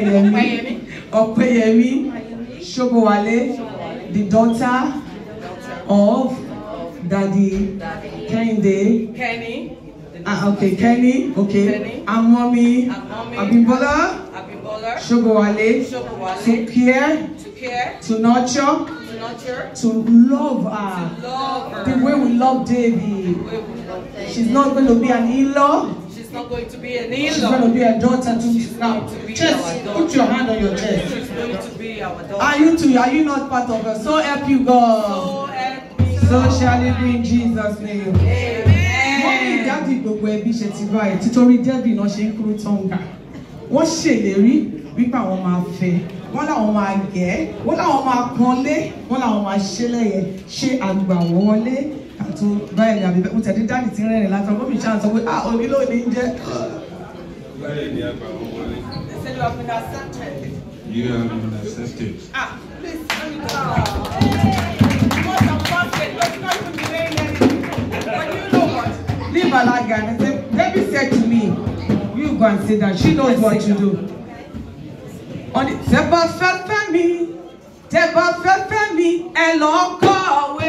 Opeyemi, Opeyemi Shobowale, the daughter of Daddy Kende. Kenny. Ah, okay, Kenny, okay. Amomi, Abimbola, Shobowale, to care, to nurture, to nurture, to love her, to love her. the way we love David. We love David. She's not going to be an in-law not going to be an in-law. She's going to be a daughter to She's now. To chest, put your hand on your chest. She's going to be our daughter. Are you too? Are you not part of us? So help you God. So help me. So shall it be in Jesus' name. Amen. Mọ́mí dáàdì gbogbo ẹbí ṣe ti báyìí títorí dẹ́bì náà ṣe ń kúrú tọ́ǹgà. Wọ́n ṣèlérí wípé àwọn máa fẹ́ wọ́n làwọn máa gẹ̀ ẹ́ wọ́n làwọn máa pọ́nlé wọ́n làwọn máa ṣẹlẹ̀ yẹn àgbà wọlé àtún báyìí àbí mo tẹ̀lé dáàdì tí ń rẹ́rìn látọ̀ mọ́ mi sọ pé ah òní ló ní jẹ́. báyìí ni àgbà wọn wọlé. they say you have been accepted. you ah please let me go. most important you not even be wearing anything but you know what. leave alaga and say baby said to me you go and say that she knows what to do. ọ̀nì tẹ́ bá fẹ́ fẹ́ mi tẹ́ bá fẹ́ fẹ́ mi ẹ lọ́ọ́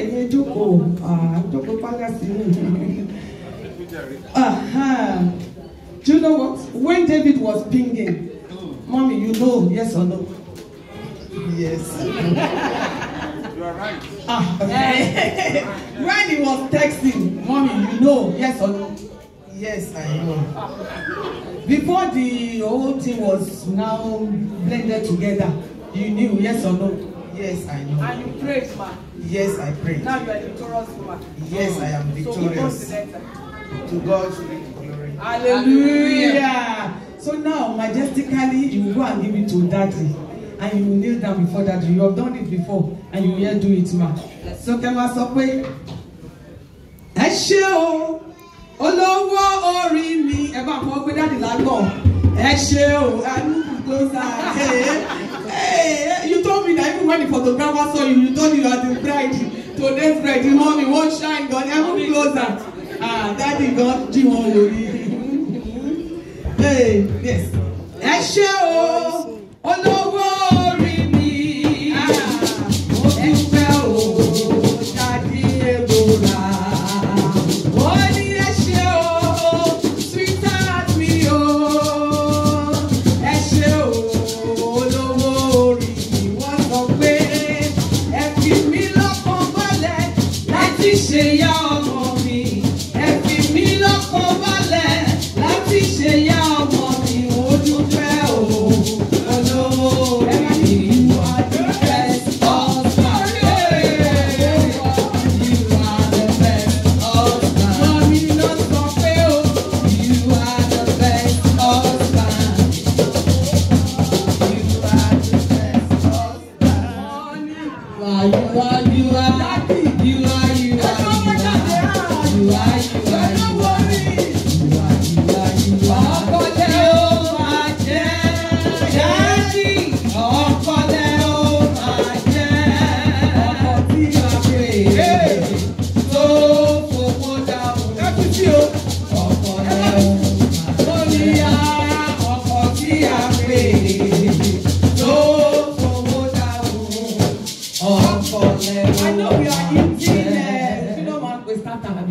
ẹ̀yin jókòó jókòó pálásì nù. Do you know what? When David was pinging, mommy, you know, yes or no? Yes. you are right. Ah, okay. When he was texting, mommy, you know, yes or no? Yes, I know. Before the whole thing was now blended together, you knew, yes or no? Yes, I know. And you prayed, man. Yes, I prayed. Now you are victorious woman. Yes, I am victorious. So to God be glory. Hallelujah. So now, majestically, you go and give it to daddy. And you will kneel down before daddy. You have done it before. And you will do it, ma. So, Kema sọ pé. Ẹ ṣé Olowo olówó orí mi, ẹ bá fọwọ́ pé dáàdì lágbọ̀n. Ẹ ṣé o, àánú kò sáà when the photographer saw you, you thought you had the bride, today's bride, the morning won't shine, God, close that. Ah, daddy God jí wọn Hey, yes. Ẹ show. Oh no.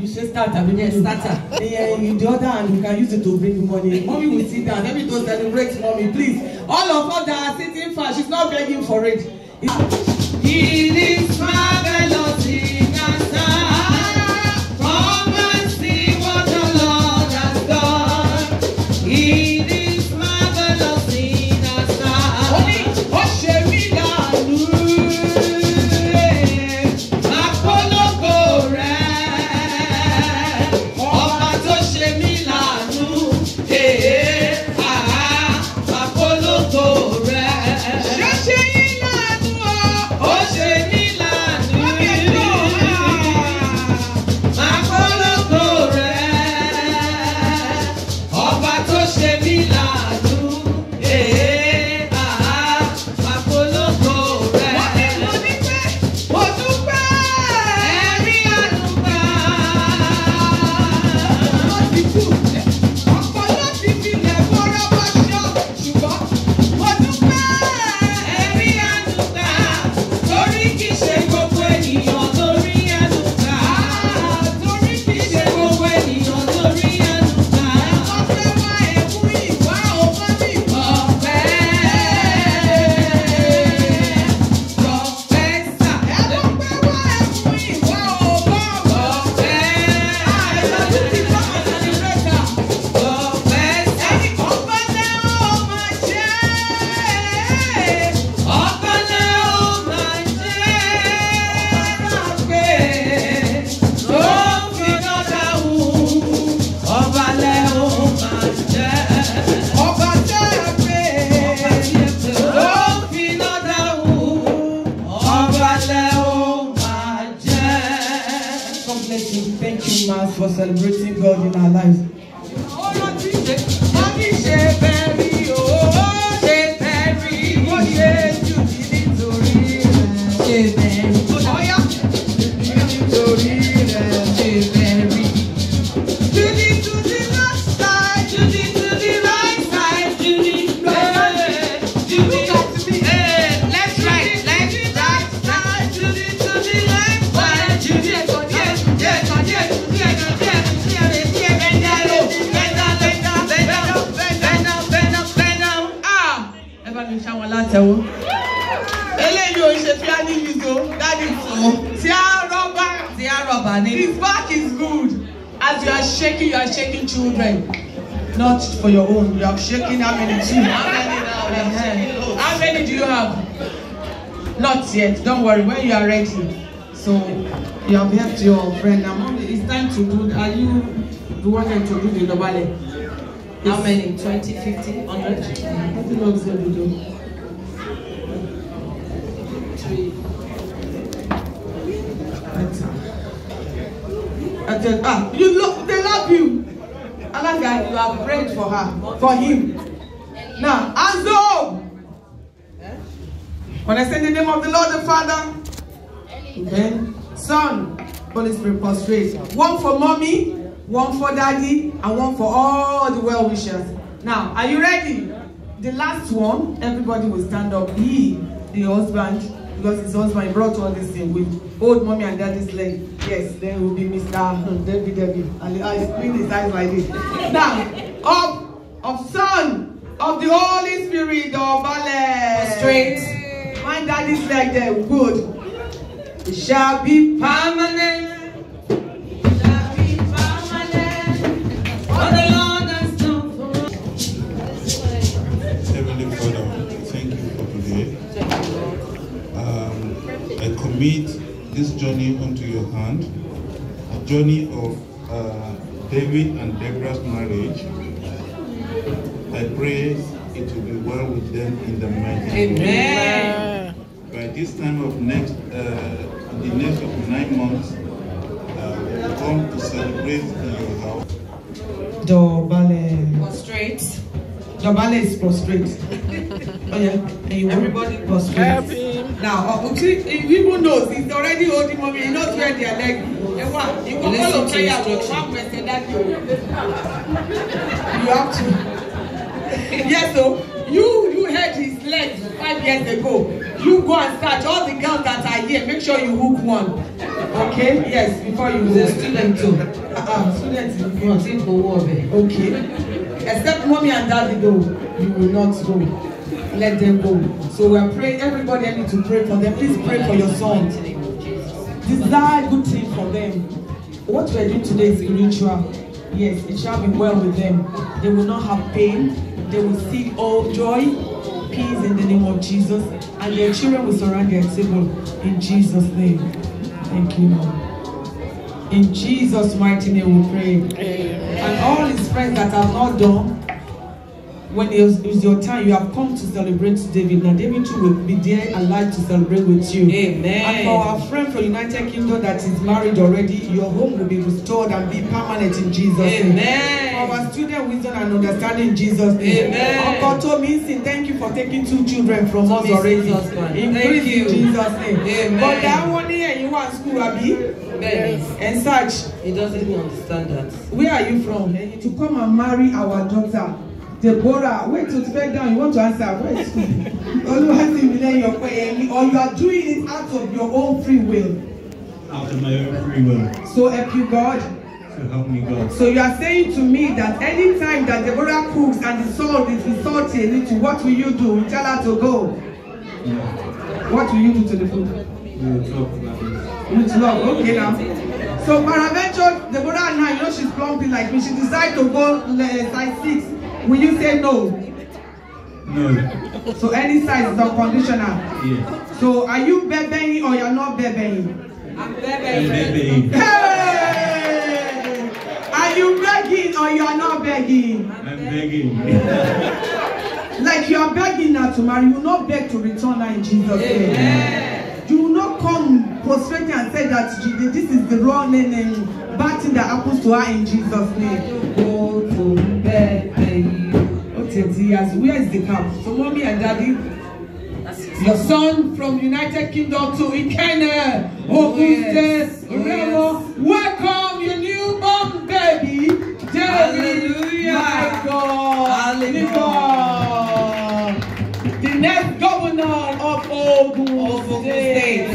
you say start having yes, starter yeah, in the other hand you can use it to bring money mommy will sit down let me to celebrate mommy please all of us that are sitting far she's not begging for it. it is my. chego é milagre. for celebrating God in our lives. His back is good. As you are shaking, you are shaking children. Not for your own. You are shaking how many two? How many now? How many do you have? Not yet. Don't worry. When you are ready. So you have helped your friend. Now, it's time to do. Are you? Do you want them to do the double? Mm-hmm. How many? 20, 50, 100? How many loads do you do? Three. Just, ah, you lo they love you. Alaga, you have prayed for her, for him. Now, as Azo! When I say the name of the Lord the Father, then Son, Holy Spirit prostrate. One for mommy, one for daddy, and one for all the well wishers. Now, are you ready? The last one, everybody will stand up. He, the husband, because his husband brought all this thing with. Hold mommy and daddy's leg. Yes, then we'll be Mr. David David. And the I split his eyes like this. Now, of, of Son, of the Holy Spirit, of ballet. Straight. My daddy's leg there. Good. It shall be permanent. Father, thank you for today. Um, I commit this journey onto your hand, a journey of uh, David and Deborah's marriage. I pray it will be well with them in the mighty name. Amen. By this time of next, uh, the next of nine months, uh, we will come to celebrate in your house. Dobale. Prostrate. Dobale is prostrate. oh yeah, and everybody prostrate. Now, uh, okay, even knows already holding mommy you know where their leg you have to yes o you you held his legs five years ago you go and search all the girls that are here make sure you hook one okay yes before you go. student too. Uh-uh. student is good. ọtí kò wọ ọbẹ. okay except mommy and daddy though, you will not go let them go so we are praying everybody I need to pray for them please pray for your sons. desire good things for them. What we're doing today is spiritual. Yes, it shall be well with them. They will not have pain. They will see all joy, peace in the name of Jesus. And their children will surround their table in Jesus' name. Thank you, Lord. In Jesus' mighty name we pray. And all his friends that have not done, when it is, your time, you have come to celebrate David. Now, David too will be there alive to celebrate with you. Amen. And for our friend from United Kingdom that is married already, your home will be restored and be permanent in Jesus. Amen. For our student wisdom and understanding in Jesus. Amen. Uncle Tominsin, thank you for taking two children from us already. Thank you, Jesus' name. Amen. But that one here, you were at school, Abi. Yes. And such. He doesn't understand that. Where are you from? To come and marry our daughter. Deborah, wait till it's bed down. You want to answer? Wait. or you are doing it out of your own free will. Out of my own free will. So help you God. So help me God. So you are saying to me that any time that Deborah cooks and the salt is salty what will you do? You tell her to go. Yeah. What will you do to the food? With love. With love. Okay now. So peradventure, Deborah now, you know she's plumping like me. She decided to go uh, side six. Will you say no? No. So any size is unconditional? Yes. So are you bebeing or you're not bebeing? I'm bebeing. I'm bebeing. Hey! Are you begging or you're not begging? I'm begging. like you are begging now to marry, you will not beg to return her in Jesus' name. Amen. You will not come prostrating and say that this is the wrong and bad thing that happens to her in Jesus' name. Go to bed. it. He has the camp? So mommy and daddy, your son from United Kingdom to Ikene, oh, oh yes. oh, yes. welcome your newborn baby, Jerry Hallelujah. my God. Hallelujah. the next governor of Ogun oh, State.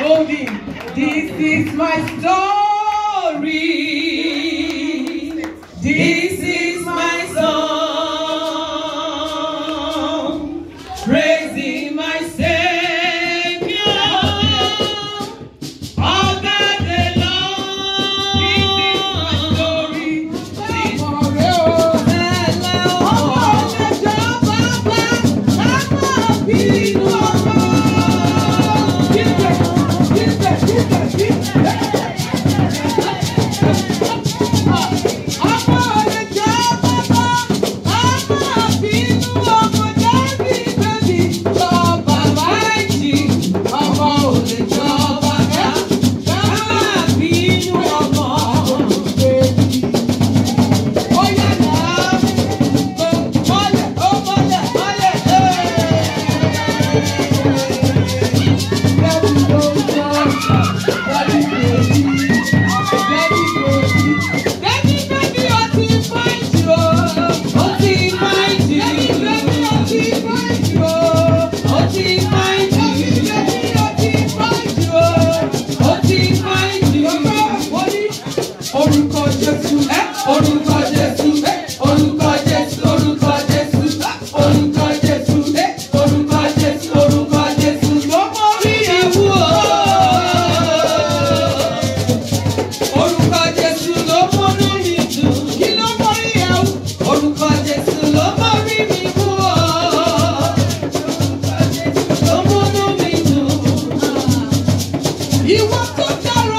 Ogun, this is my story. This is Don't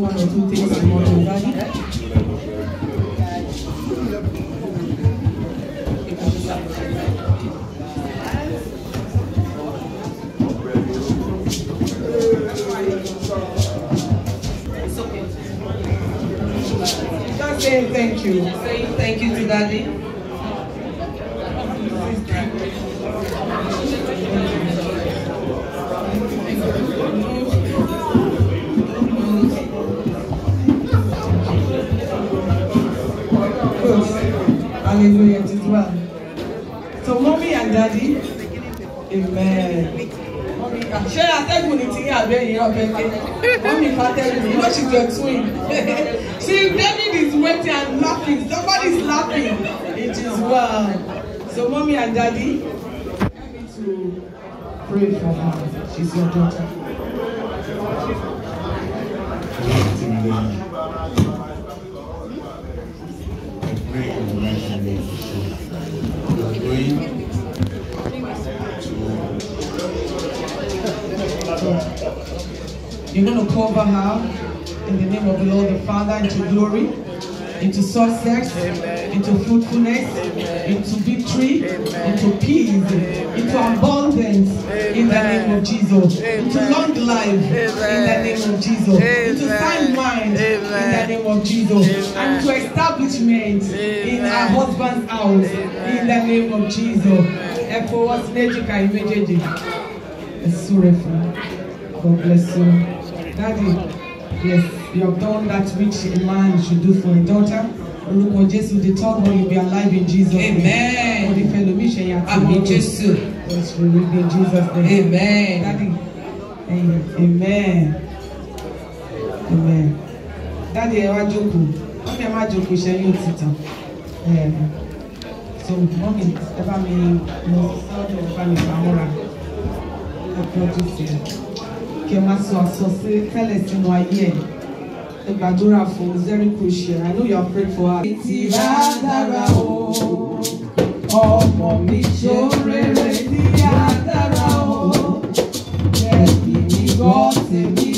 one or two things I want to Just thank you. thank you to Daddy. Hallelujah to dwell. So, mommy and daddy, amen. Mommy, ah, ṣé atẹ́gùn ni ti yín àbẹ́yìn ọ̀kẹ́kẹ́? Mommy fatẹ́gùn, you know she's your twin. See, David is waiting and laughing. Somebody's laughing. It is well. So, mommy and daddy, help me to pray for her. She's your daughter. You're going to cover her in the name of the Lord the Father into glory, into success, Amen. into fruitfulness, Amen. into victory, Amen. into peace, into abundance in the name of Jesus, into long life in the name of Jesus, into sound mind in the name of Jesus, and to establishment in our husband's house in the name of Jesus. Echo was magic, I imagine it. God bless you. Daddy, yes, you have done that which a man should do for a daughter. Orúkọ Jésù the third one will be alive in Jesus Amen. Mo di fẹ́ lomi ìṣẹ̀yà tó lóde. Àmì Yes, we will be in Jesus name. Amen. Daddy, eh, amen. Amen. Daddy ẹ wá jókòó. I'm ẹ má jókòó iṣẹ́ yóò ti tàn. Eh, so mommy, ẹ bá mi lọ sọ́dọ̀ ẹ bá mi fà mọ́ra. Ẹ pọ́n tó kí ẹ máa sọ àsọsí kálẹ̀ sínú ayé ẹ̀ ẹ gbàdúrà fún zeri kùsì I know you are praying for her. ìtìrá dára o ọmọ mi ṣe rere ní àdára o ẹ̀mí mi gbọ́ tèmi.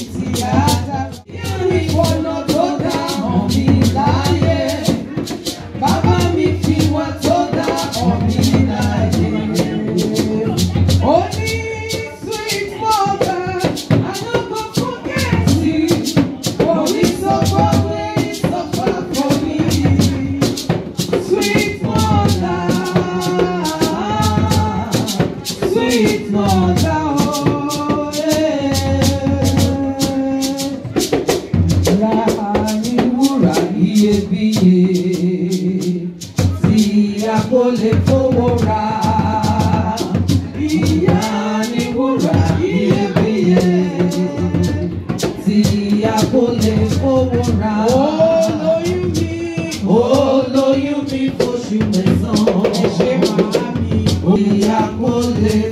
Yeah.